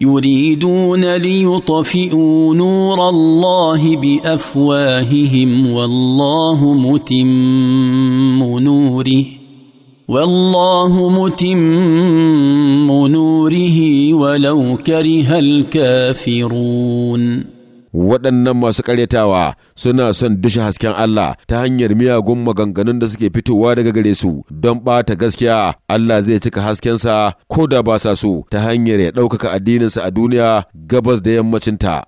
يريدون ليطفئوا نور الله بافواههم والله متم نوره والله متم نوره ولو كره الكافرون waɗannan masu ƙaryatawa suna son dushe hasken Allah ta hanyar miyagun maganganun da suke fitowa daga gare su don ɓata gaskiya Allah zai cika haskensa ko da ba sa so ta hanyar ya ɗaukaka addininsa a duniya gabas da yammacinta.